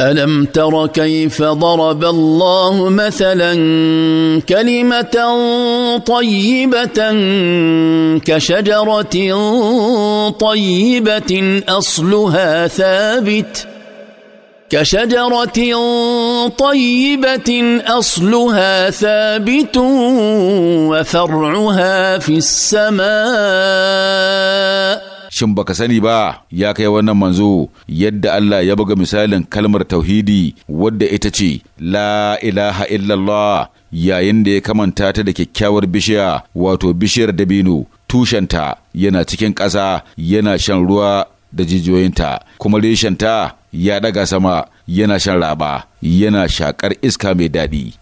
الم تر كيف ضرب الله مثلا كلمه طيبه كشجره طيبه اصلها ثابت كشجره طيبه اصلها ثابت وفرعها في السماء shin baka sani ba ya kai wannan manzo yadda Allah ya buga misalin kalmar tauhidi wadda ita ce la ilaha illallah yayin da ya kamanta ta da kyakkyawar bishiya wato bishiyar dabino tushenta yana cikin ƙasa yana shan ruwa da jijiyoyinta kuma reshenta ya daga sama yana shan raba yana shakar iska mai daɗi